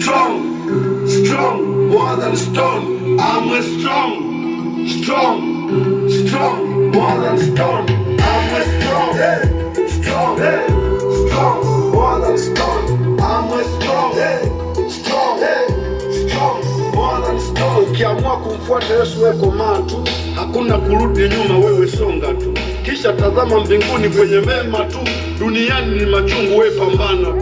strong, strong, more than stone. I'm a strong, strong, strong, more than stone. I'm a strong, strong, strong, more than stone. I'm a strong, strong, strong, more than stone. Ukiamua kumfuata Yesu wewe komaa tu, hakuna kurudi nyuma, wewe songa tu, kisha tazama mbinguni kwenye mema tu, duniani ni machungu, wewe pambana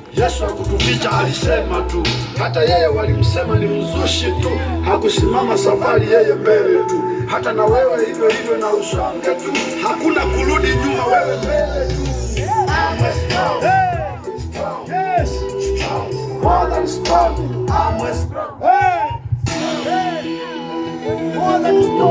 Yesu hakutuficha, alisema tu. Hata yeye walimsema ni mzushi tu, hakusimama safari yeye mbele tu. Hata na wewe hivyo hivyo, na usonge tu, hakuna kurudi nyuma, wewe mbele tu.